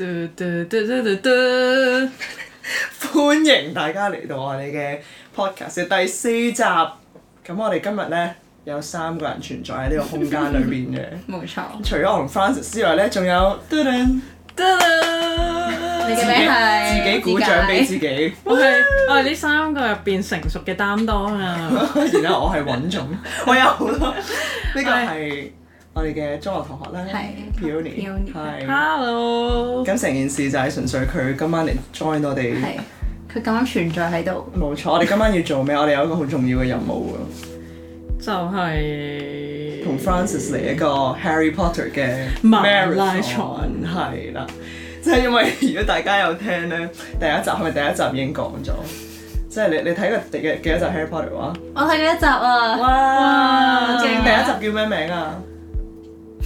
歡迎大家嚟到我哋嘅 podcast 第四集。咁我哋今日呢，有三個人存在喺呢個空間裏面嘅。冇錯。除咗我同 Francis 之外呢，仲有。你嘅名係？自己鼓掌俾自己。我係我係呢三個入邊成熟嘅擔當啊！然後我係穩重， 我有好多。呢個係。 我哋嘅中學同學啦，係 Peony，係 Hello。咁成件事就係純粹佢今晚嚟 join 我哋，係佢咁樣存在喺度，冇錯。我哋今晚要做咩？我哋有一個好重要嘅任務啊，就係、是、同 Francis 嚟一個 Harry Potter 嘅 marathon 係啦。即係、就是、因為如果大家有聽咧，第一集係咪第一集已經講咗？即、就、係、是、你你睇過第幾多集 Harry Potter 話？我睇過一集哇哇啊！哇，第一集叫咩名啊？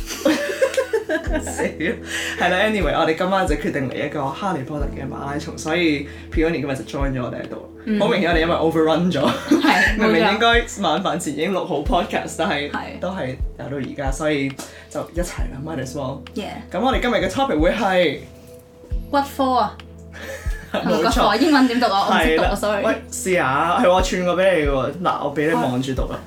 死啦，係啦，anyway，我哋今晚就決定嚟一個哈利波特嘅馬拉松，所以 Peony 今日就 join 咗我哋喺度。好明顯我哋因為 overrun 咗，明明應該晚飯前已經錄好 podcast，但係都係留到而家，所以就一齊啦。minus one，yeah。咁我哋今日嘅 topic 會係骨科啊，冇錯。英文點讀啊？我唔識讀，sorry。喂，試下，係我串過俾你噶喎。嗱，我俾你望住讀啦。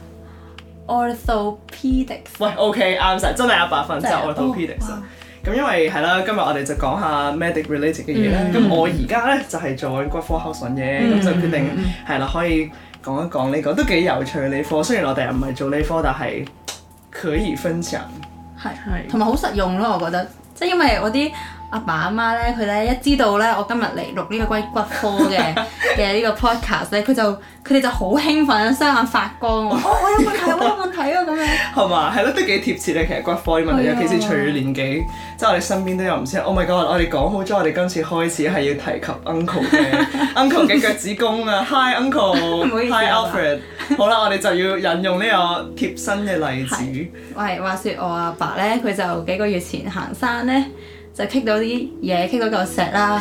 Orthopedics，喂，OK，啱晒，真係一百分即係 Orthopedics 啦。咁因為係啦，今日我哋就講下 medic related 嘅嘢啦。咁、嗯、我而家咧就係、是、做骨科科診嘅，咁、嗯、就決定係啦，可以講一講呢、呢個都幾有趣嘅呢科。雖然我哋又唔係做呢科，但係可以分享，係係是，同埋好實用咯，我覺得。即係因為我啲阿爸阿媽咧，佢咧一知道咧，我今日嚟錄呢個骨科嘅嘅呢個 podcast 咧，佢就佢哋就好興奮，雙眼發光。我我有問題，我有問題啊！咁樣係嘛，係咯，都幾貼切咧。其實骨科呢個問題，尤其是隨住年紀，即係我哋身邊都有唔少。Oh my god！我哋講好咗，我哋今次開始係要提及 Uncle 嘅 Uncle 嘅腳趾公啊！Hi Uncle，唔好意思，Hi Alfred。好啦，我哋就要引用呢個貼身嘅例子。喂，話説我阿爸咧，佢就幾個月前行山咧。就棘到啲嘢，棘到嚿石啦，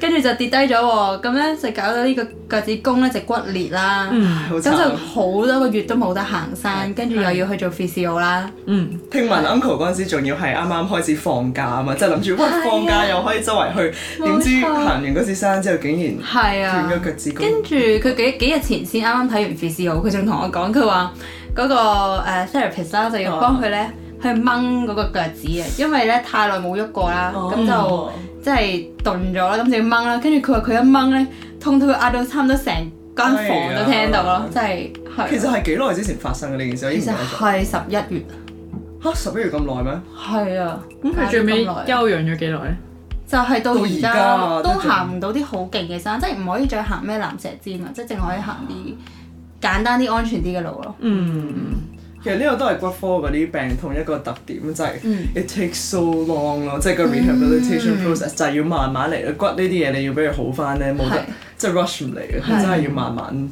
跟住就跌低咗喎，咁咧就搞到呢個腳趾公咧就骨裂啦，咁、 嗯、就好多個月都冇得行山，跟住又要去做 physio 啦。嗯，聽聞 uncle 嗰陣時仲要係啱啱開始放假啊嘛，即係諗住哇放假又可以周圍去，點、哎、呀知錯行完嗰次山之後竟然、嗯、啊，斷咗腳趾公。跟住佢幾幾日前先啱啱睇完 physio 佢仲同我講，佢話嗰個、啊、therapist 啦就要幫佢咧。 去掹嗰個腳趾啊！因為咧太耐冇喐過啦，咁、oh. 就即係凍咗啦，咁就要掹啦。跟住佢話佢一掹咧，痛到佢壓到差唔多成間房都聽到咯，即係 Hey.。其實係幾耐之前發生嘅呢件事？其實係十一月。吓？十一月咁耐咩？係啊。咁佢最尾休養咗幾耐咧？就係到而家都行唔到啲好勁嘅山，即係唔可以再行咩蚺蛇尖啊！即係淨可以行啲簡單啲、安全啲嘅路咯。嗯。其實呢個都係骨科嗰啲病痛一個特點，就係 it takes so long 咯，即係個 rehabilitation process 就係要慢慢嚟咯。骨呢啲嘢你要俾佢好翻咧，冇得即係 rush 唔嚟嘅，佢真係要慢慢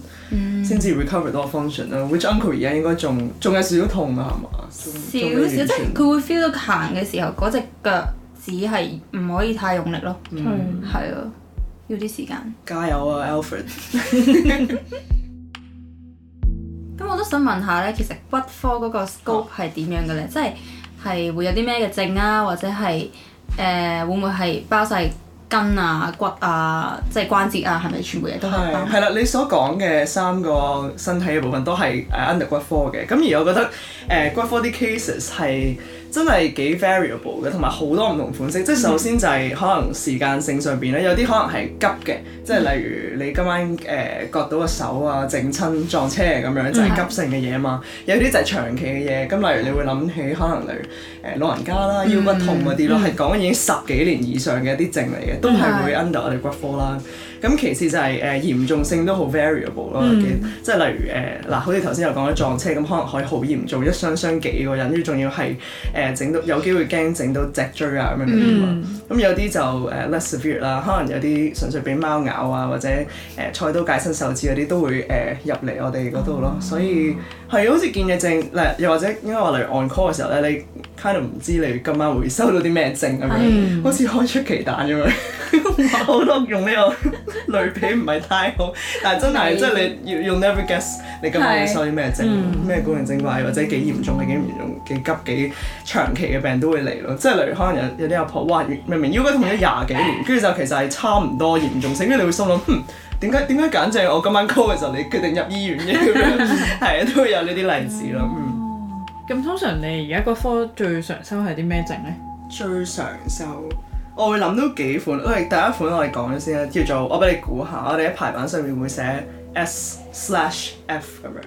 先至 recover 多個 function 咯。Which uncle 而家應該仲仲有少少痛啊，係嘛？少少即係佢會 feel 到行嘅時候，嗰隻腳只係唔可以太用力咯，係咯，要啲時間。加油啊 Alfred。咁我都想問下咧，其實骨科嗰個 scope 係點、哦、樣嘅咧？即係係會有啲咩嘅症啊，或者係誒、呃、會唔會係包晒筋啊、骨啊、即係關節啊，係咪全部嘢都係包？係啦，你所講嘅三個身體嘅部分都係誒 under 骨科嘅。咁而我覺得誒、呃、骨科啲 cases 係。真係幾 variable 嘅，同埋好多唔同款式。即係首先就係可能時間性上邊咧，嗯、有啲可能係急嘅，即係例如你今晚誒、呃、割到個手啊，整親撞車咁樣，就係、是、急性嘅嘢啊嘛。嗯、有啲就係長期嘅嘢。咁例如你會諗起可能例如誒、呃、老人家啦，腰骨痛嗰啲咯，係講緊已經十幾年以上嘅一啲症嚟嘅，都係會 under 我哋骨科啦。咁其次就係、是、誒、呃、嚴重性都好 variable 咯、嗯，即係例如誒嗱、呃，好似頭先又講咗撞車咁，可能可以好嚴重，一傷傷，傷幾個人，跟住仲要係誒整到有機會驚整到脊椎啊，咁樣。咁有啲就誒、呃、less severe 啦，可能有啲純粹俾貓咬啊，或者誒菜、呃、刀解身手指嗰啲都會誒、呃、入嚟我哋嗰度咯。所以係、嗯、好似見嘅症嗱，又或者應該話例如 on call 嘅時候咧，你 kinda 唔知你今晚會收到啲咩症咁樣，好似、嗯、開出奇蛋咁樣，好 多用呢個。 類比唔係太好，但係真係，對即係你要用 never guess，你今晚會收啲咩症？咩古靈精、嗯、怪，或者幾嚴重？嘅、幾嚴重？幾急？幾長期嘅病都會嚟咯。即係例如可能有有啲阿婆，哇，明明腰骨痛咗廿幾年，跟住就其實係差唔多嚴重性，跟住你會心諗，哼，點解點解揀正？我今晚 call 嘅時候你決定入醫院嘅？係啊， 都會有呢啲例子咯。嗯，咁、嗯、通常你而家嗰科最常收係啲咩症咧？最常收。我會諗到幾款，我哋第一款我哋講咗先啦，叫做我俾你估下，我哋喺排版上面會寫 S slash F 咁樣。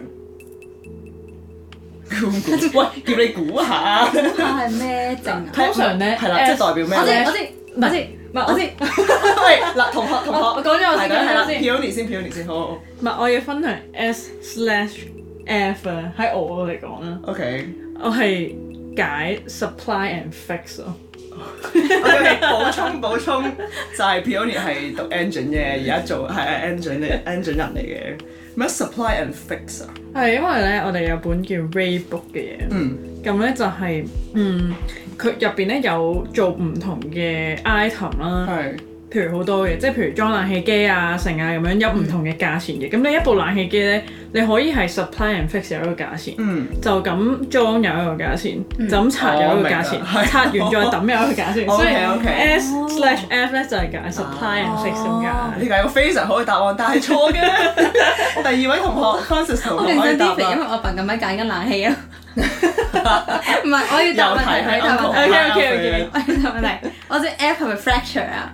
估估喂，叫你估下。係咩正？通常咧？係啦，即係代表咩咧？唔係唔係，我先喂，嗱，同學同學，我講咗我先，係啦，Peony 先 Peony 先，好唔好？唔係我要分享 S slash F 喺我嚟講啦。OK，我係解 supply and fix 咯。我哋補充補充，就係 Peony 係讀 engine 嘅，而家做係 engine 嘅 engine 人嚟嘅。咩 supply and fix 啊？係因為咧，我哋有本叫 Raybook 嘅嘢，嗯，咁咧就係，嗯，佢入邊咧有做唔同嘅 item 啦，係。譬如好多嘅，即係譬如裝冷氣機啊、成啊咁樣，有唔同嘅價錢嘅。咁你一部冷氣機咧，你可以係 supply and fix 有一個價錢，就咁裝有一個價錢，就咁拆有一個價錢，拆完再抌有一個價錢。所以 S slash F 咧就係解 supply and fix 㗎。呢個有非常好嘅答案，但係錯嘅。第二位同學，我 r a n c i s 因為我近近咪揀緊冷氣啊。唔係，我要答問題。OK OK OK OK。我啲 Apple 咪 fracture 啊？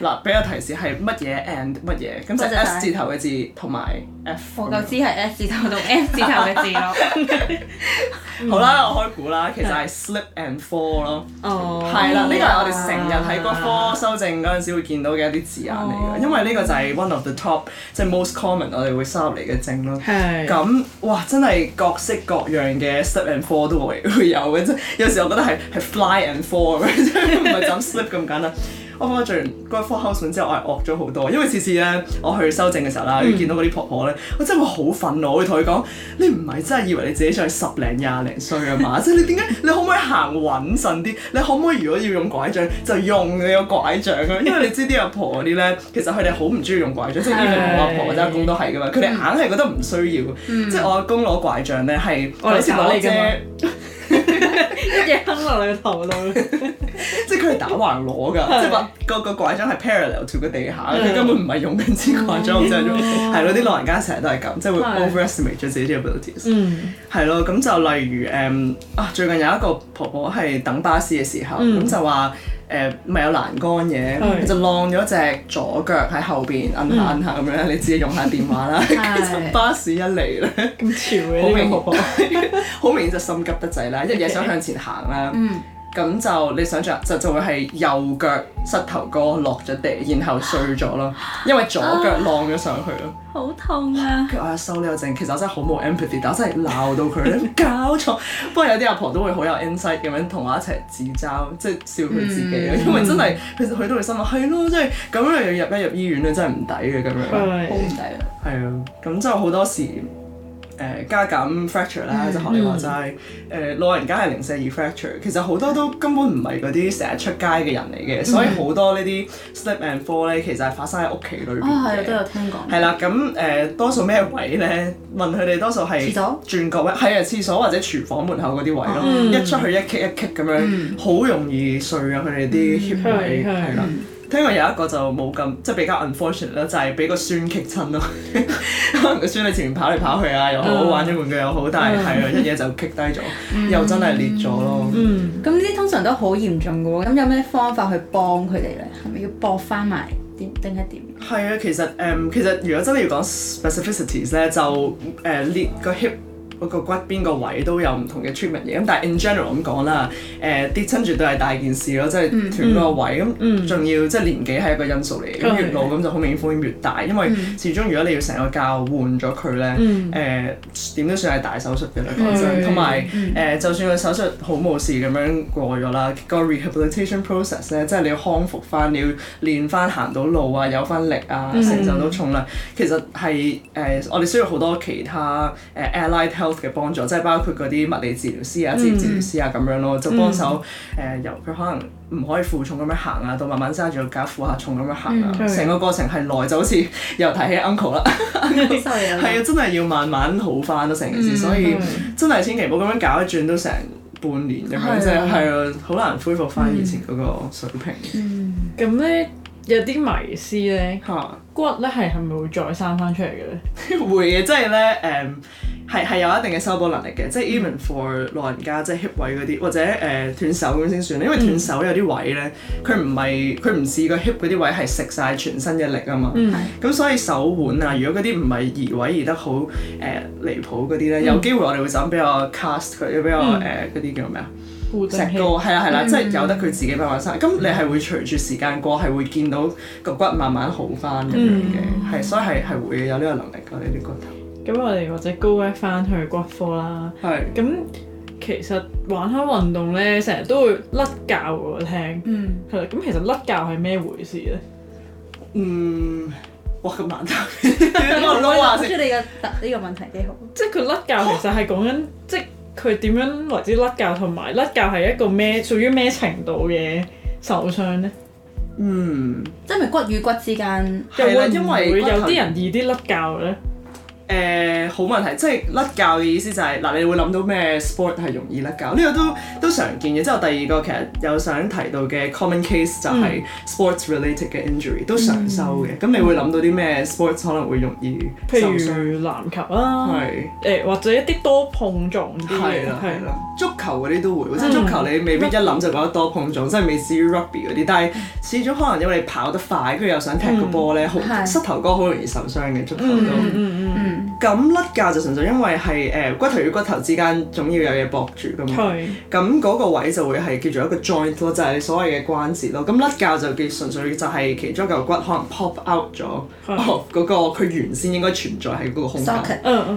嗱，俾個提示係乜嘢 and 乜嘢，咁就 S 字頭嘅字同埋 F 有有。我就知係 S 字頭同 F 字頭嘅字咯。好啦，我開估啦，其實係 slip and fall 咯。哦，係啦，呢個係我哋成日喺個科修證嗰陣時會見到嘅一啲字眼嚟嘅，oh。因為呢個就係 one of the top，即係 most common 我哋會收入嚟嘅證咯。係。 咁哇，真係各式各樣嘅 slip and fall 都會有嘅啫。有時我覺得係係 fly and fall，唔 係就咁 slip 咁簡單。我翻去做完嗰科哮喘之後，我係惡咗好多，因為次次咧我去修正嘅時候啦，嗯、見到嗰啲婆婆咧，我真係會好憤怒，我會同佢講：你唔係真係以為你自己仲係十零廿零歲啊嘛？即係 你點解？你可唔可以行穩陣啲？你可唔可以如果要用拐杖就用你個拐杖啊？因為你知啲阿婆嗰啲咧，其實佢哋好唔鍾意用拐杖， 即係啲我阿婆、婆、或者阿公都係㗎嘛，佢哋硬係覺得唔需要。嗯、即係我阿公攞拐杖咧係，我有攞嘅。 一嘢崩落裏頭度， 即係佢係打橫攞㗎，即係話個個拐杖係 parallel to 個地下，佢 根本唔係用緊支拐杖，唔知係咯，啲老人家成日都係咁，即係會 overestimate 咗自己啲 abilities，係咯，咁 就例如誒啊、嗯，最近有一個婆婆係等巴士嘅時候，咁 就話。誒咪、uh, 有欄杆嘢，はい 就晾咗隻左腳喺後邊，摁下摁下咁樣， 你自己用下電話啦。 其實巴士一嚟咧，咁 潮嘅呢個好明顯就心急得滯啦，一嘢想向前行啦。Okay. Mm. 咁就你想象就就會係右腳膝頭哥落咗地，然後碎咗咯，啊、因為左腳攣咗上去咯、啊，好痛啊！我收，呢個證，其實我真係好冇 empathy，但我真係鬧到佢， 搞錯。不過有啲阿婆，婆都會好有 insight 咁樣同我一齊自嘲，即係笑佢自己啊，嗯、因為真係、嗯、其實佢都會心諗係咯，即係咁樣要入一入醫院咧，真係唔抵嘅咁樣，好唔抵啊！係啊，咁就好多時。誒、呃、加減 fracture 咧，就學你話齋，誒老人家係零舍二 fracture，其實好多都根本唔係嗰啲成日出街嘅人嚟嘅，mm. 所以好多呢啲 slip and fall 咧，其實係發生喺屋企裏邊嘅。係、oh, 啊、都有聽過、啦，咁誒、呃、多數咩位咧？問佢哋多數係廁所、轉角位，係啊房，廁所或者廚房門口嗰啲位咯，oh, mm. 一出去一棘一棘咁樣，好、mm. 容易碎啊、mm. 的！佢哋啲協位係啦。的聽過有一個就冇咁即係比較 unfortunate 啦，就係俾個孫踢親咯。可能個孫喺前面跑嚟跑去啊，又好玩咗玩具又好，但係係一嘢就踢低咗，嗯、又真係裂咗咯。嗯，咁呢啲通常都好嚴重嘅喎。咁有咩方法去幫佢哋咧？係咪要駁翻埋點定係點？係啊、嗯，其實誒、嗯，其實如果真係要講 specificities 咧，就、嗯、誒裂個 hip。嗰個骨邊個位都有唔同嘅 Treatment 嘢，咁但係 in general 咁講啦，誒跌親絕對係大件事咯，即、就、係、是、斷個位，咁仲、mm, mm, mm, 嗯、要即係、就是、年紀係一個因素嚟嘅，咁、嗯、越老咁就好明顯風險越大，因為始終如果你要成個教換咗佢咧，誒、呃，點都算係大手術嘅咧，講真，同埋誒就算個手術好冇事咁樣過咗啦，個 rehabilitation process 咧，即係你要康復翻，你要練翻行到路、mm, 啊，有翻力啊，承受到重量，其實係誒、呃、我哋需要好多其他誒 allied health 嘅幫助，即係包括嗰啲物理治療師啊、治，治療師啊咁、嗯、樣咯，就幫手誒由佢可能唔可以負重咁樣行啊，到慢慢揸住搞負下重咁樣行啊，成、嗯、個過程係耐，就好似又提起 uncle 啦，幾啊，係啊，真係要慢慢好翻咯，成件事，所以真係千祈唔好咁樣搞一轉，都成半年咁樣，即係係啊，好的、嗯、難恢復翻以前嗰個水平。嗯，咁、嗯、咧、嗯、有啲迷思咧嚇骨咧係係咪會再生翻出嚟嘅咧？ 會嘅，即係咧誒。係係有一定嘅修補能力嘅，即係 even for 老人家即係、就是、hip 位嗰啲，或者誒斷、呃、手咁先算啦。因為斷手有啲位咧，佢唔係佢唔似個 hip 嗰啲位係食晒全身嘅力啊嘛。咁、嗯、所以手腕啊，如果嗰啲唔係移位移得好誒、呃、離譜嗰啲咧，嗯、有機會我哋會想比較 cast 佢，要比較誒嗰啲叫咩啊？敦石膏係啦係啦，即係、嗯、由得佢自己慢慢生。咁你係會隨住時間過係會見到個骨慢慢好翻咁樣嘅，係、嗯嗯、所以係係會有呢個能力㗎呢啲骨頭。咁我哋或者 go back 翻去骨科啦。係是。咁其實玩開運動咧，成日都會甩臼。我聽。嗯。係啦。咁其實甩臼係咩回事咧？嗯，哇咁難答。咁啊， 我出你嘅呢、這個問題幾好。即係佢甩臼其實係講緊，啊、即係佢點樣為之甩臼同埋甩臼係一個咩屬於咩程度嘅受傷咧？嗯。即係咪骨與骨之間？又的會唔會對頭有啲人易啲甩臼咧？誒好問題，即係甩臼嘅意思就係嗱，你會諗到咩 sport 係容易甩臼，呢個都都常見嘅。之後第二個其實有想提到嘅 common case 就係 sports-related 嘅 injury 都常收嘅。咁你會諗到啲咩 sports 可能會容易，譬如籃球啦，誒或者一啲多碰撞啲嘅，係啦，係啦，足球嗰啲都會。即係足球你未必一諗就覺得多碰撞，即係未至於 rugby 嗰啲。但係始終可能因為你跑得快，跟住又想踢個 ball 咧，膝頭哥好容易受傷嘅足球都。咁甩臼就純粹因為係誒骨頭與骨頭之間總要有嘢駁住㗎嘛。係、嗯。咁、那、嗰個位就會係叫做一個 joint 咯，就係所謂嘅關節咯。咁甩臼就叫純粹就係其中一嚿骨可能 pop out 咗嗰、哦那個佢原先應該存在喺嗰個空間。So uh, uh.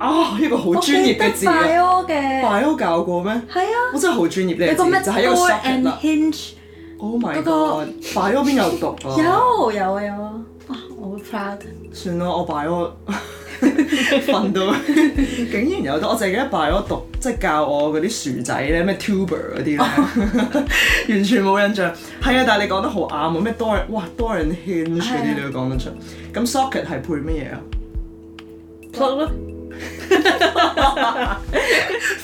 哦、啊，呢個好專業嘅字、so oh、God, 啊！我記得 bio 嘅。bio 教過咩？係啊。我真係好專業呢個字，就係一個 socket and hinge。哦 my God！bio 邊有讀啊？有有啊有啊！啊，我好 proud。算啦，我 bio。瞓 到竟然有多我凈係記得拜咗讀，即係教我嗰啲薯仔咧，咩 tuber 嗰啲咧，完全冇印象。係 啊，但係你講得好啱喎，咩多哇 多人 hinge 嗰啲都要講得出。咁 socket 係配乜嘢啊？plug 啦。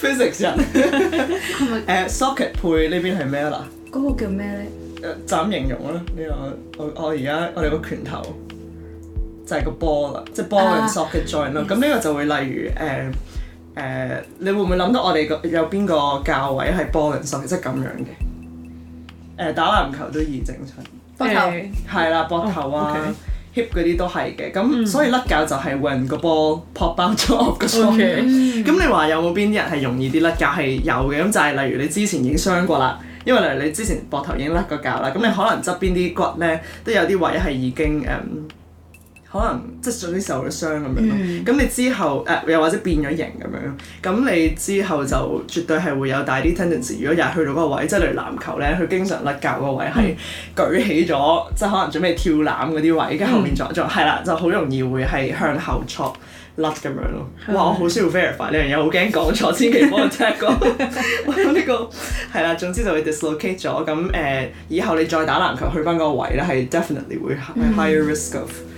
physics 人。係咪？socket 配邊呢邊係咩啦？嗰個 叫咩咧？誒就、uh, 形容啦。呢、呢個我我而家我哋個拳頭。就係個波 a 啦，即、就、係、是、ball and socket joint 咁呢個就會例如誒誒、呃呃，你會唔會諗到我哋個有邊個較位係 ball and socket 即係咁樣嘅？誒、呃、打籃球都易整親，膊頭係啦，膊、欸、頭啊、哦 okay，hip 嗰啲都係嘅。咁所以甩臼就係揾個波，ball pop out 咗個。咁你話有冇邊啲人係容易啲甩臼？係有嘅。咁就係例如你之前已經傷過啦，因為例如你之前膊頭已經甩過臼啦，咁你可能側邊啲骨咧都有啲位係已經誒。嗯可能即係總之受咗傷咁樣咯，咁你之後誒又、呃、或者變咗型咁樣，咁你之後就絕對係會有大啲 tendency。如果日去到嗰個位，即係例如籃球咧，佢經常甩臼嗰個位係舉起咗，mm hmm. 即係可能準備跳籃嗰啲位，跟後面再再係啦，就好容易會係向後戳甩咁樣咯。哇，我好需要 verify 呢樣嘢，好驚講錯，千祈唔好聽講呢個係啦。總之就會 dislocate 咗，咁誒、呃、以後你再打籃球去翻嗰個位咧，係 definitely 會 higher risk of。Hmm.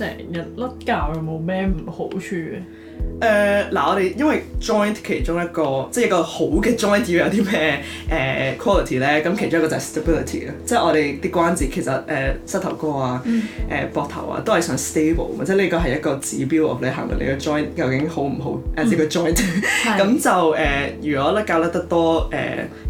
成日甩臼有冇咩唔好處嘅？誒嗱、呃，我哋因為 joint 其中一個，即係一個好嘅 joint 要有啲咩誒 quality 咧？咁其中一個就係 stability，就是，啊，即係我哋啲關節其實誒膝頭哥啊，誒膊頭啊都係想 stable，即係呢個係一個指標，我哋衡量你嘅個 joint 究竟好唔好誒，即係個 joint 咁就誒如果甩臼甩得多誒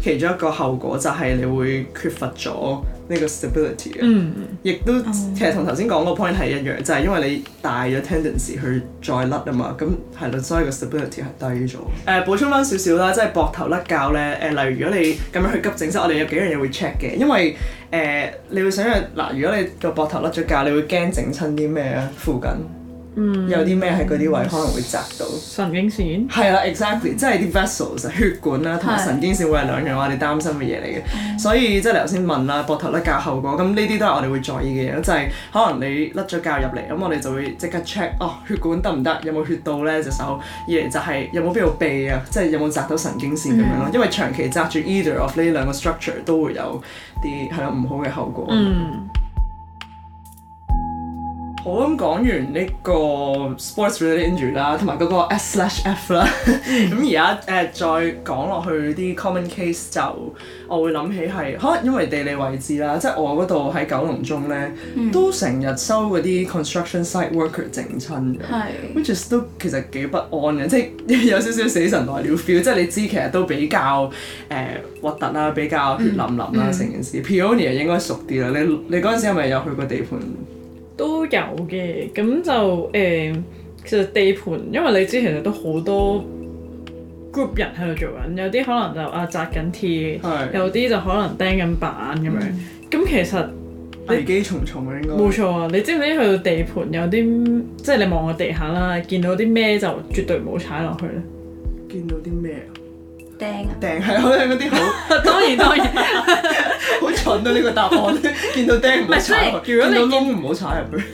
其中一個後果就係你會缺乏咗呢個 stability 嘅。嗯，亦、嗯、都其實同頭先講個 point 係一樣，就係。因為你大咗 tendency 去再甩啊嘛，咁係咯，所以個 stability 係低咗。誒、呃、補充翻少少啦，即係膊頭甩骹咧。誒、呃、例如如果你咁樣去急症室，我哋有幾樣嘢會 check 嘅，因為誒、呃、你會想嘅嗱、呃，如果你個膊頭甩咗骹，你會驚整親啲咩啊附近？ 嗯，有啲咩喺嗰啲位可能會砸到神經線？係啊 ，exactly，即係啲 vessels 血管啦，同埋神經線會係兩樣我哋擔心嘅嘢嚟嘅。的所以即係你頭先問啦，膊頭甩臼後果，咁呢啲都係我哋會在意嘅嘢，就係、是、可能你甩咗臼入嚟，咁我哋就會即刻 check 哦，血管得唔得，有冇血到呢？隻手；二嚟就係有冇邊度痹啊，即、就、係、是、有冇砸到神經線咁樣咯。 因為長期砸住 either of 呢兩個 structure 都會有啲係咯唔好嘅後果。嗯。 好，咁講完呢個 sports related injury 啦，同埋嗰個 S slash F 啦。咁而家誒再講落去啲 common case 就，我會諗起係可能因為地理位置啦，即係我嗰度喺九龍中咧，嗯、都成日收嗰啲 construction site worker 整親嘅，which is 都其實幾不安嘅，即係有少少死神來了 feel。即係你知其實都比較誒核突啦，呃、 比較血淋淋啦成件事。嗯、Peony 應該熟啲啦，你你嗰陣時係咪有去過，過地盤？都有嘅，咁就誒、欸，其實地盤，因為你知其實都好多 group 人喺度做緊，有啲可能就啊紮緊鐵，有啲就可能釘緊板咁樣。咁、嗯、其實危機重重啊，應該。冇錯啊，你知唔知去到地盤有啲，即係你望個地下啦，見到啲咩就絕對唔好踩落去咧。見到啲咩、啊？釘係，我係嗰啲好。當然當然， 好蠢啊！呢、呢個答案， 見到釘唔好踩，你見,見到窿唔好踩入去。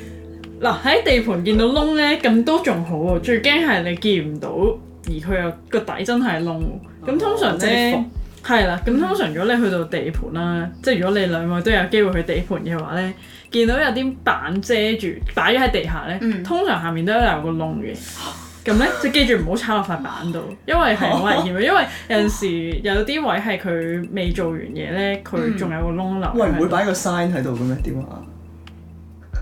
嗱喺地盤見到窿咧，咁都仲好，最驚係你見唔到，而佢又個底真係窿。咁、哦哦、通常咧，係啦、就是。咁通常如果你去到地盤啦，即係、嗯、如果你兩位都有機會去地盤嘅話咧，見到有啲板遮住，擺咗喺地下咧，嗯、通常下面都有個窿嘅。咁咧 就記住唔好抄落塊板度，因為係好危險啊！因為有陣時有啲位係佢未做完嘢咧，佢仲、嗯、有個窿流。喂，唔會擺個 sign 喺度嘅咩？點啊、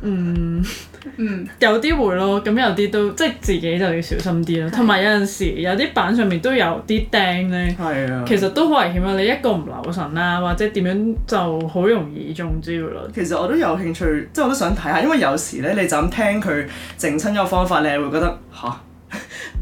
嗯？嗯 嗯，有啲會咯，咁有啲都即係自己就要小心啲啦。同埋的有陣時有啲板上面都有啲釘咧，係啊的，其實都好危險啊！你一個唔留神啦、啊，或者點樣就好容易中招啦。其實我都有興趣，即係我都想睇下，因為有時咧你就咁聽佢整親一個方法你係，會覺得嚇。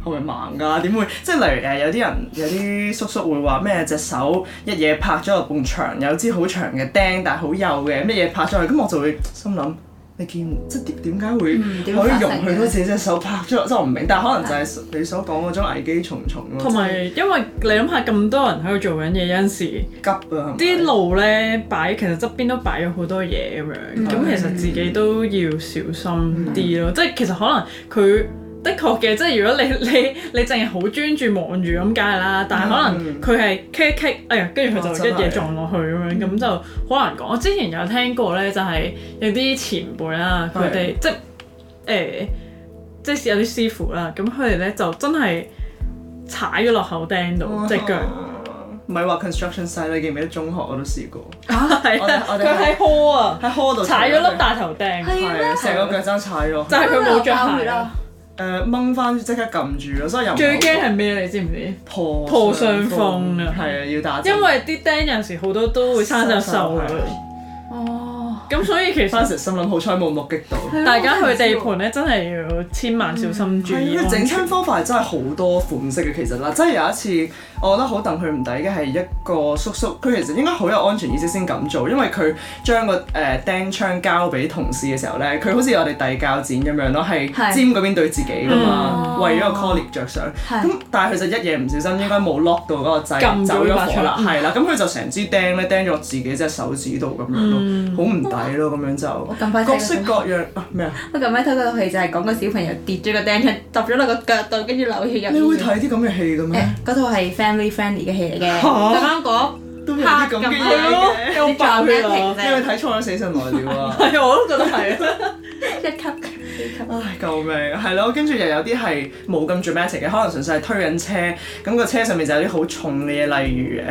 我會盲噶，點會？即係例如誒，有啲人有啲叔叔會話咩隻手一嘢拍咗落埲牆，有支好長嘅釘，但係好幼嘅乜嘢拍咗落去，咁我就會心諗你見即係點點解會可以容許到自己隻手拍咗落？即係、嗯、我唔明，但係可能就係你所講嗰種危機重重咯。同埋有、就是、因為你諗下咁多人喺度做緊嘢有陣時，急啊！啲路咧擺，其實側邊都擺咗好多嘢咁樣，咁、嗯、其實自己都要小心啲咯。即係、嗯嗯、其實可能佢。的確嘅，即係如果你你你淨係好專注望住咁梗係啦，但係可能佢係 kick kick 哎呀，跟住佢就一嘢撞落去咁樣，咁就好難講。我之前有聽過咧，就係有啲前輩啦，佢哋即係誒，即係有啲師傅啦，咁佢哋咧就真係踩咗落口釘度，即隻腳唔係話 construction site，你記唔記得中學我都試過啊？係啊，喺 hall 啊，喺 hall 度踩咗粒大頭釘，係成個腳踭踩咗，就係佢冇著鞋。誒掹翻即刻撳住咯，所以又最驚係咩？你知唔知破破傷風，風啊？係啊，要打。因為啲釘有陣時好多都會生晒銹哦，咁、啊、所以其實有陣時心諗好彩冇目擊到。大家去地盤咧，真係要千萬小心注意。整親方法真係好多款式嘅，其實啦、啊，真係有一次。我覺得好戥佢唔抵嘅係一個叔叔，佢其實應該好有安全意識先咁做，因為佢將個誒、呃、釘槍交俾同事嘅時候咧，佢好似我哋遞鉸剪咁樣咯，係尖嗰邊對自己噶嘛，是為咗個 colleague 著想。咁、嗯、但係佢就一夜唔小心，應該冇 lock 到嗰個掣，按中 走咗火啦，係啦、嗯，咁佢就成支釘咧釘咗自己隻手指度咁樣、嗯、咯，好唔抵咯，咁樣就各式各樣咩啊？我近排睇套戲就係講個小朋友跌咗個釘槍揼咗落個腳度，跟住流血入。你會睇啲咁嘅戲嘅咩？嗰套係 Fan very friendly 嘅戲嚟嘅，啱啱講，都有啲咁嘅嘢咯，又爆啦，因為睇錯咗《死神來了》啊，係我都覺得係一級嘅，唉，救命！係咯， 跟住又有啲係冇咁 dramatic 嘅，可能純粹係推緊車，咁、嗰個車上面就有啲好重嘅嘢，例如誒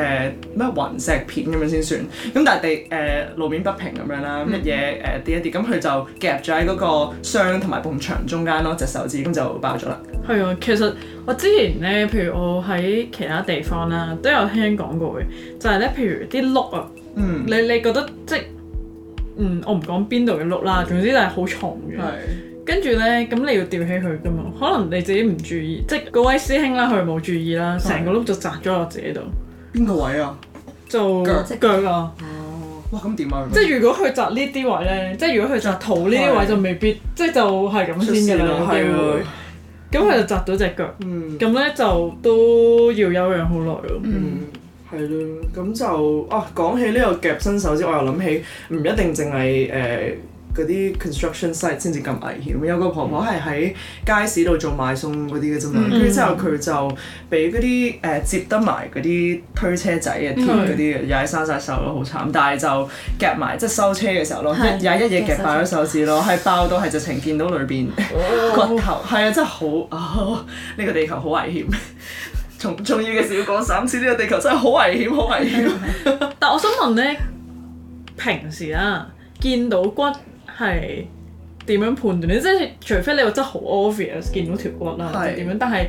咩雲石片咁樣先算，咁但係地誒、呃、路面不平咁樣啦，乜嘢誒跌一跌，咁佢就夾咗喺嗰個箱同埋埲牆中間咯，隻手指咁就爆咗啦。係啊，其實我之前咧，譬如我喺其他地方啦，都有聽講過嘅，就係咧，譬如啲碌啊，嗯，你你覺得即嗯，我唔講邊度嘅碌啦，總之就係好重嘅，係。跟住咧，咁你要吊起佢㗎嘛？可能你自己唔注意，即嗰位師兄啦，佢冇注意啦，成個碌就砸咗我自己度。邊個位啊？就腳腳啊！哦，哇，咁點啊？即如果佢砸呢啲位咧，即如果佢砸頭呢啲位就未必，即就係咁先嘅啦，機會。咁佢就扎到隻腳，咁咧、嗯、就都要休養好耐咯。嗯，嗯，係咯，咁就啊，講起呢個夾新手指，我又諗起唔一定淨係誒。呃嗰啲 construction site 先至咁危險，有個婆婆係喺街市度做買餸嗰啲嘅啫嘛，跟住、嗯嗯、之後佢就俾嗰啲誒接得埋嗰啲推車仔啊、推嗰啲啊，踩傷晒手咯，好慘！但係就夾埋即係收車嘅時候咯，即係踩一嘢夾爆咗手指咯，係爆到係直情見到裏邊骨頭，係啊，真係好啊！呢個地球好危險，重重要嘅事要講三次，呢、呢個地球真係好危險，好危險。但係我想問咧，平時啊見到骨，係點樣判斷咧？即係除非你話真係好 obvious 見到條骨啦、啊，是或者點樣？但係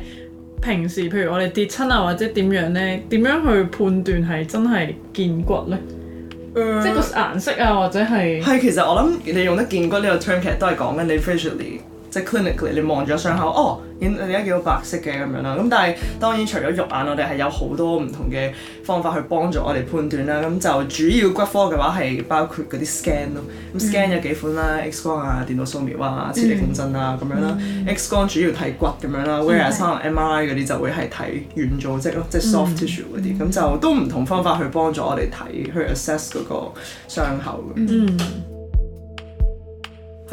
平時譬如我哋跌親啊，或者點樣咧？點樣去判斷係真係見骨咧？呃、即係個顏色啊，或者係係其實我諗你用得見骨呢個 term 咧，都係講緊你 fracturely。即係 clinically，你望咗傷口，哦，你而家見到白色嘅咁樣啦。咁但係當然除咗肉眼，我哋係有好多唔同嘅方法去幫助我哋判斷啦。咁就主要骨科嘅話係包括嗰啲 scan 咯、嗯。咁 scan 有幾款啦，X 光啊、電腦掃描啊、磁力共振啊咁、嗯、樣啦。嗯、X 光主要睇骨咁樣啦，whereas、嗯、on, MRI 嗰啲就會係睇軟組織咯，即係、嗯、soft tissue 嗰啲。咁就都唔同方法去幫助我哋睇去 assess 嗰個傷口。嗯樣。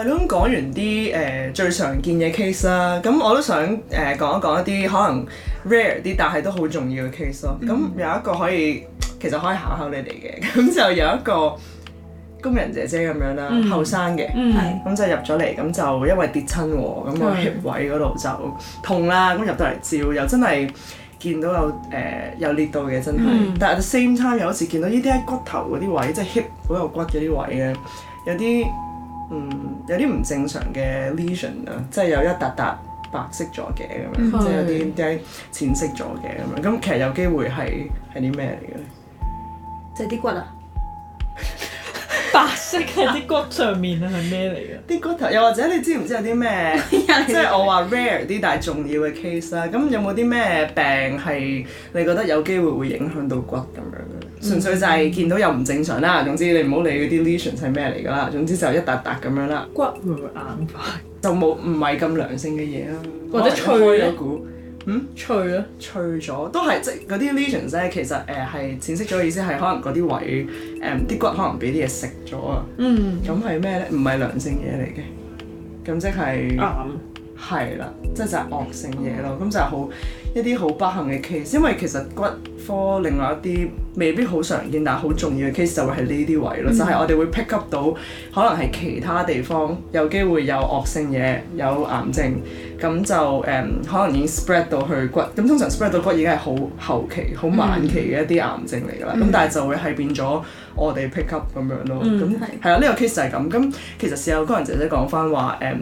係咯，講完啲誒、呃、最常見嘅 case 啦，咁我都想誒、呃、講一講一啲可能 rare 啲，但係都好重要嘅 case 咯。咁、mm hmm. 有一個可以，其實可以考考你哋嘅，咁就有一個工人姐姐咁樣啦，後生嘅，咁、hmm. mm hmm. 就入咗嚟，咁就因為跌親喎，咁個 hip 位嗰度就痛啦。咁入到嚟照又真係見到有誒、呃、有裂到嘅，真係。Mm hmm. 但係 same time 有時見到呢啲喺骨頭嗰啲位，即係 hip 嗰個骨嘅啲位咧，有啲。嗯，有啲唔正常嘅 lesion 啊，即係有一笪笪白色咗嘅咁樣，嗯、即係有啲啲淺色咗嘅咁樣，咁其實有機會係係啲咩嚟嘅咧？即係啲骨啊， 白色嘅啲骨上面啊， 係咩嚟嘅？啲骨頭？又或者你知唔知有啲咩？即係 我話 rare 啲但係重要嘅 case 啦。咁有冇啲咩病係你覺得有機會會影響到骨咁樣？純粹就係見到又唔正常啦，總之你唔好理嗰啲 lesions 係咩嚟噶啦，總之就一笪笪咁樣啦。骨會唔會硬？就冇，唔係咁良性嘅嘢啦，或者脆咗股？的嗯，脆咧了？脆咗都係即係嗰啲 lesions 咧，les 其實誒係、呃、淺色咗嘅意思係可能嗰啲位誒啲、呃、骨可能俾啲嘢食咗啊。嗯，嗯，咁係咩咧？唔係良性嘢嚟嘅，咁即係硬，係啦硬，即係就，係、就係惡性嘢咯，咁就好。一啲好不幸嘅 case，因為其實骨科另外一啲未必好常見，但係好重要嘅 case 就、嗯、就會係呢啲位咯，就係我哋會 pick up 到可能係其他地方有機會有惡性嘢、有癌症，咁就誒、um, 可能已經 spread 到去骨，咁通常 spread 到骨已經係好後期、好晚期嘅一啲癌症嚟㗎啦，咁、嗯、但係就會係變咗我哋 pick up 咁樣咯，咁係啊，呢、呢個 case 就係咁，咁其實時有剛人姐姐講翻話誒。Um, .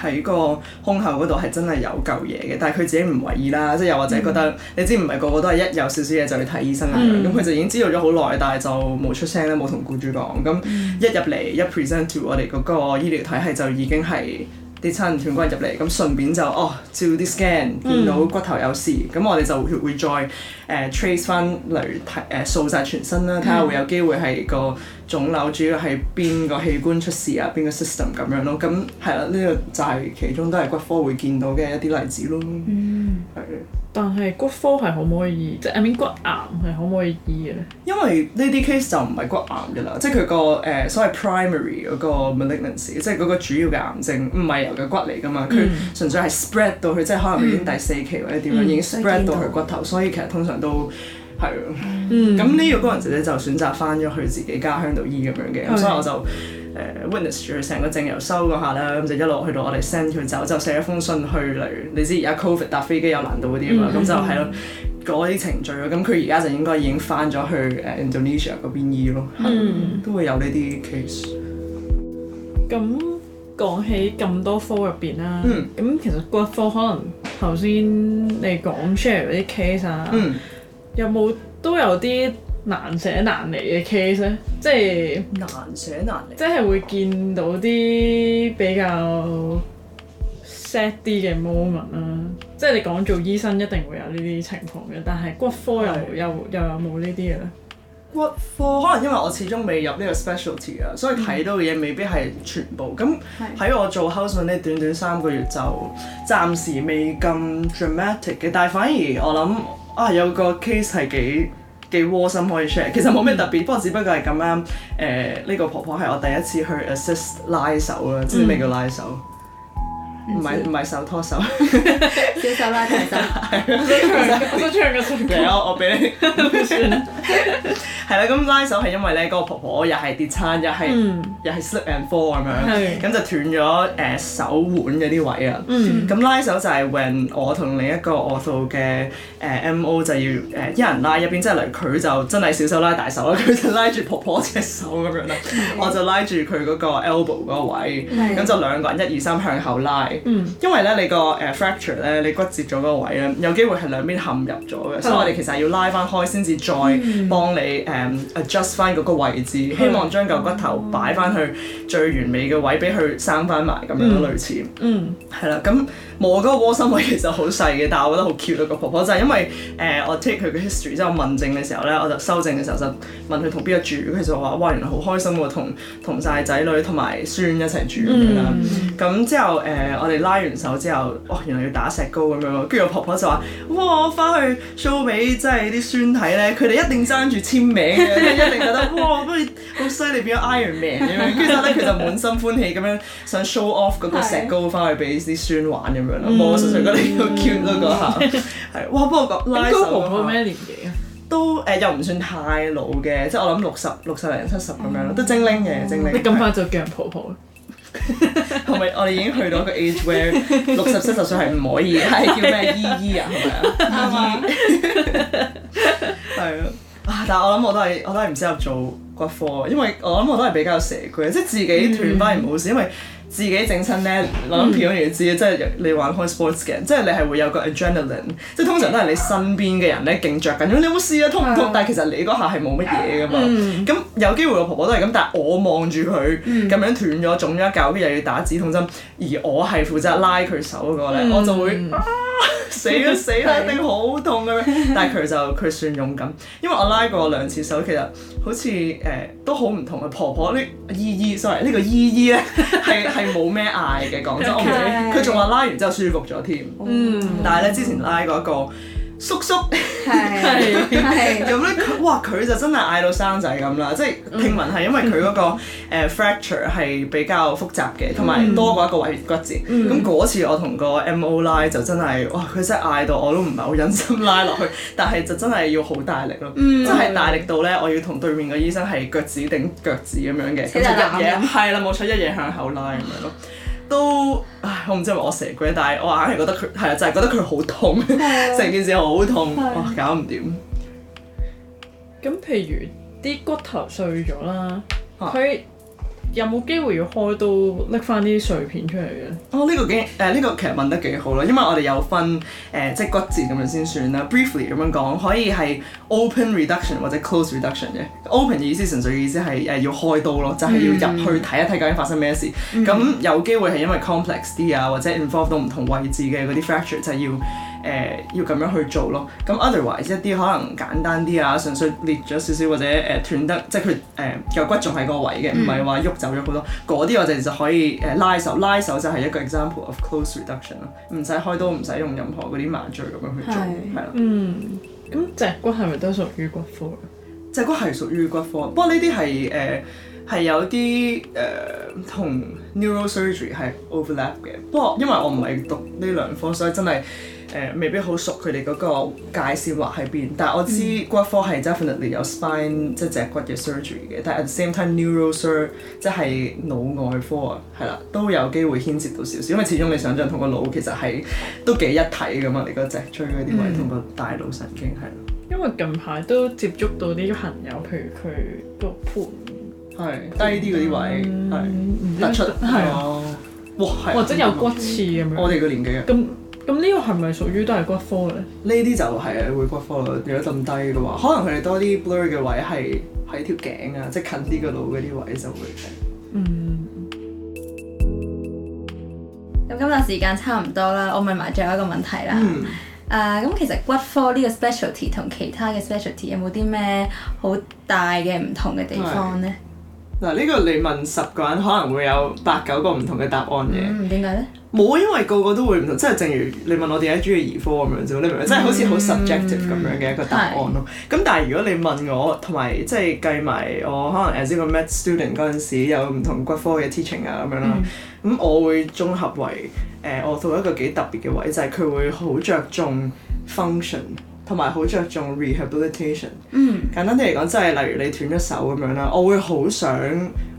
喺個胸口嗰度係真係有嚿嘢嘅，但係佢自己唔為意啦，即係又或者覺得、嗯、你知唔係個個都係一有少少嘢就去睇醫生啊咁，佢、嗯、就已經知道咗好耐，但係就冇出聲咧，冇同雇主講。咁一入嚟一 present to、嗯、我哋嗰個醫療體系，就已經係。啲親斷骨入嚟，咁順便就哦照啲 scan，見到骨頭有事，咁、嗯、我哋就會再誒 trace 翻嚟睇誒掃晒全身啦，睇下會有機會係個腫瘤，主要係邊個器官出事啊，邊個 system 咁樣咯。咁係啦，呢、呢個就係其中都係骨科會見到嘅一啲例子咯，係、嗯。但係骨科係可唔可以，即係 I mean 骨癌係可唔可以醫咧？因為呢啲 case 就唔係骨癌噶啦，即係佢個誒所謂 primary 嗰個 malignancy，即係嗰個主要嘅癌症，唔係由個骨嚟噶嘛，佢純粹係 spread 到佢，即係可能已經第四期或者點樣，嗯、已經 spread 到佢骨頭，嗯嗯、所以其實通常都係咯。咁呢、嗯、個高人仔咧就選擇翻咗去自己家鄉度醫咁樣嘅，咁的所以我就。誒 witness 成個正由收過下啦，咁就一路去到我哋 send 佢走，就寫一封信去嚟。你知而家 COVID 搭飛機有難度嗰啲嘛？咁、嗯嗯、就係咯，嗰啲程序咯。咁佢而家就應該已經翻咗去誒 Indonesia 嗰邊醫咯。嗯，都會有呢啲 case。咁講、嗯、起咁多科入邊啦，咁、嗯、其實骨科可能頭先你講 share 啲 case 啊、嗯，有冇都有啲？難捨難離嘅 case，即係難捨難離，即係會見到啲比較 sad 啲嘅 moment 啦、啊。即係你講做醫生一定會有呢啲情況嘅，但係骨科又又又有冇呢啲嘢咧？骨科可能因為我始終未入呢個 specialty 啊，所以睇到嘅嘢未必係全部。咁喺我做 house 呢短短三個月就暫時未咁 dramatic 嘅，但係反而我諗啊有個 case 係幾幾窩心可以 share，其實冇咩特別，不過、嗯、只不過係咁樣，誒、呃、呢、呢個婆婆係我第一次去 assist 拉手啦，知唔知咩叫拉手？嗯唔係唔係手拖手，小手拉大手，係咯，我想唱，我都唱嘅。嚟啊，我俾你，算啦。係啦，咁拉手係因為咧，嗰個婆婆又係跌餐，又係又係 slip and fall 咁樣，咁就斷咗誒手腕嗰啲位啊。咁拉手就係 when 我同另一個我做嘅誒 mo 就要誒一人拉入邊，即係嚟佢就真係小手拉大手啦，佢就拉住婆婆隻手咁樣啦，我就拉住佢嗰個 elbow 嗰個位，咁就兩個人一二三向後拉。因為咧你個誒 fracture 咧，你骨折咗個位咧，有機會係兩邊陷入咗嘅，啦所以我哋其實係要拉翻開先至再幫你誒、嗯嗯、adjust 翻嗰個位置，希望將嚿骨頭擺翻去最完美嘅位，俾佢生翻埋咁樣類似。嗯，係、嗯、啦，咁我嗰個窩心位其實好細嘅，但係我覺得好 Q 咯，個婆婆就係、是、因為誒、呃、我 take 佢嘅 history 之後問症嘅時候咧，我就收症嘅時候就問佢同邊個住，佢就話哇原來好開心喎，同同晒仔女同埋孫一齊住咁樣，咁、嗯、之後誒。呃嗯嗯我哋拉完手之後，哦，原來要打石膏咁樣咯，跟住我婆婆就話：哇！我翻去 show 俾即係啲孫睇咧，佢哋一定爭住簽名嘅，一定覺得哇！不如好犀利，變咗 Iron Man 咁樣。跟住咧，佢就滿心歡喜咁樣想 show off 嗰個石膏翻去俾啲孫玩咁對樣咯。我純粹覺得呢個 cute 多過下，係、嗯、哇！不過我講 拉手，應該婆婆咩年紀啊？都誒、呃，又唔算太老嘅，即係我諗六十、六十零七十咁樣咯，嗯、都精靈嘅，精靈。嗯、對你咁快就叫人婆婆？係咪 我哋已經去到一個 age where 六十七十歲係唔可以？係 叫咩姨姨啊？係咪啊？姨姨係啊！啊！ 但係我諗我都係我都係唔適合做骨科，因為我諗我都係比較蛇居，即係自己斷翻又冇事，嗯、因為。自己整親咧，我諗可想而知，嗯、即係你玩開 sports 嘅，即係你係會有個 adrenaline，即係通常都係你身邊嘅人咧勁着緊，咁你有冇試啊？痛唔痛？嗯、但係其實你嗰下係冇乜嘢噶嘛，咁、嗯、有機會我婆婆都係咁，但係我望住佢咁樣斷咗、腫咗一嚿，跟住又要打止痛針，而我係負責拉佢手過嚟、嗰個，嗯、我就會、嗯啊 死啦死啦，一定好痛嘅、啊、咩？ 但係佢就佢算勇敢，因為我拉過兩次手，其實好似誒、呃、都好唔同嘅。婆婆呢姨姨，sorry 呢個姨姨咧係係冇咩嗌嘅，講真 ok，佢仲話拉完之後舒服咗添。嗯、oh.，但係咧之前拉過一個。叔叔，係咁咧，哇！佢就真係嗌到生仔咁啦，即係聽聞係因為佢嗰個 fracture 係比較複雜嘅，同埋多過一個位骨折。咁嗰次我同個 M O 拉就真係，哇！佢真係嗌到我都唔係好忍心拉落去，但係就真係要好大力咯，真係大力到咧，我要同對面個醫生係腳趾定腳趾咁樣嘅，跟住一嘢，係啦，冇錯，一嘢向後拉咁樣咯。都唉，我唔知係咪我蛇鬼，但係我硬係覺得佢係啊，就係覺得佢好痛，成的件事好痛，的哇搞唔掂。咁譬如啲骨頭碎咗啦，佢、啊。有冇機會要開刀拎翻啲碎片出嚟嘅？哦，呢、這個幾誒呢個其實問得幾好囉，因為我哋有分誒、呃、即係骨折咁樣先算啦。Briefly 咁樣講，可以係 open reduction 或者 close reduction 嘅。Open 嘅意思純粹嘅意思係誒、呃、要開刀咯，就係、是、要入去睇一睇究竟發生咩事。咁、mm hmm. 有機會係因為 complex 啲啊，或者 involve 到唔同位置嘅嗰啲 fracture 就係要。誒、呃、要咁樣去做咯，咁 otherwise 一啲可能簡單啲啊，純粹裂咗少少或者誒、呃、斷得，即係佢誒有骨仲喺個位嘅，唔係話喐走咗好多。嗰啲我哋就可以誒、呃、拉手，拉手就係一個 example of close reduction 咯，唔使開刀，唔使用任何嗰啲麻醉咁樣去做，係啦是了、嗯，嗯，咁脊骨係咪都屬於骨科？脊骨係屬於骨科，不過呢啲係誒係有啲誒同、呃、neurosurgery 係 overlap 嘅，不過因為我唔係讀呢兩科，所以真係。誒未必好熟佢哋嗰個界線劃喺邊，但係我知骨科係 definitely 有 spine 即係脊骨嘅 surgery 嘅，但係 at the same time neurosurgery 即係腦外科啊，係啦，都有機會牽涉到少少，因為始終你想象同個腦其實係都幾一體噶嘛，你個脊椎嗰啲位同個大腦神經係、嗯。因為近排都接觸到啲朋友，譬如佢個盤係是的低啲嗰啲位係突出，係啊、嗯，哇、哦，係或者有骨刺咁樣，我哋個年紀啊，咁那。咁呢個係咪屬於都係骨科咧？呢啲就係啊，會骨科咯。如果咁低嘅話，可能佢哋多啲 blur 嘅位係喺條頸啊，即係近啲個腦嗰啲位就會係。嗯。咁今日時間差唔多啦，我問埋最後一個問題啦。誒、嗯、咁、uh，其實骨科呢個 specialty 同其他嘅 specialty 有冇啲咩好大嘅唔同嘅地方咧？嗱，呢、啊呢個你問十個人可能會有八九個唔同嘅答案嘅。嗯，點解咧？冇啊，因為個個都會唔同，即係正如你問我點解中意兒科咁樣啫，你明唔明？即係、mm hmm. 好似好 subjective 咁樣嘅一個答案咯。咁、mm hmm. 但係如果你問我，同埋即係計埋我可能作為一個 med student 嗰陣時，有唔同骨科嘅 teaching 啊咁樣啦，咁、mm hmm. 我會綜合為誒、呃，我到一個幾特別嘅位，就係、是、佢會好着重 function，同埋好着重 rehabilitation。嗯、mm，hmm. 簡單啲嚟講，即係例如你斷咗手咁樣啦，我會好想。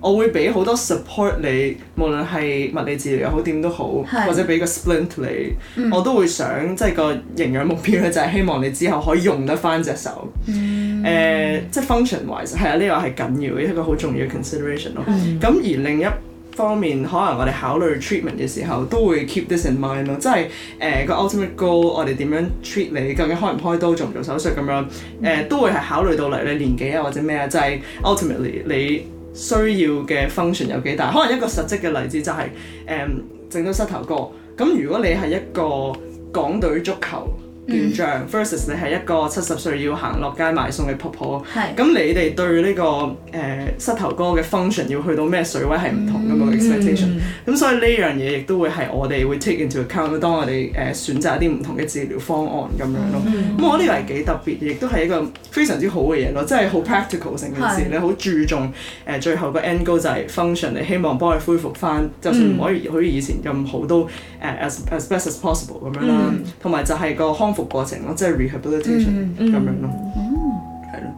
我會俾好多 support 你，無論係物理治療又好點都好，是或者俾個 splint 你、嗯，我都會想即係、就是、個營養目標咧就係希望你之後可以用得翻隻手，誒、嗯 uh, 即係 function wise 係啊呢、呢個係緊要嘅、這個、一個好重要嘅 consideration 咯。咁、嗯、而另一方面，可能我哋考慮 treatment 嘅時候都會 keep this in mind 咯、就是，即係誒個 ultimate goal 我哋點樣 treat 你，究竟開唔開刀，做唔做手術咁樣誒、嗯 uh, 都會係考慮到嚟你年紀啊或者咩啊，就係、是、ultimately 你。需要嘅 function 有幾大？可能一個實質嘅例子就係誒整到膝頭哥。咁如果你係一個港隊足球，健將、mm hmm. versus 你係一個七十歲要行落街買餸嘅婆婆，咁是你哋對呢、這個誒、呃、膝頭哥嘅 function 要去到咩水位係唔同嘅、mm hmm. expectation，咁、mm hmm. 所以呢樣嘢亦都會係我哋會 take into account 當我哋誒、呃、選擇一啲唔同嘅治療方案咁樣咯，咁、mm hmm. 我覺得呢個係幾特別，亦都係一個非常之好嘅嘢咯，即係好 practical 成件事，mm hmm. 你好注重誒、呃、最後個 end goal 就係 function，你希望幫佢恢復翻，就算唔可以好似以前咁好都誒 as、mm hmm. as best as possible 咁樣啦，同埋、mm hmm. 就係個。康復過程咯，即係 rehabilitation 咁樣咯，嗯，係咯，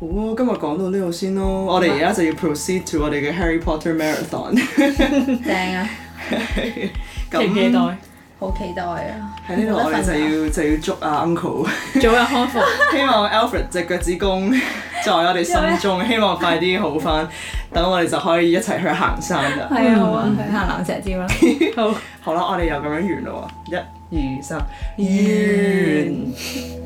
好啊，今日講到呢度先咯，我哋而家就要 proceed to 我哋嘅 Harry Potter marathon，正啊，咁期待，好期待啊。喺呢度我哋就要就要祝阿 Uncle 早日康復，希望 Alfred 隻腳趾公。在我哋心中， 希望快啲好返， 等我哋就可以一齊去行山啦。係啊、 嗯，去行蚺蛇尖啦。好好啦，我哋又咁樣完啦喎，一、二、三，完。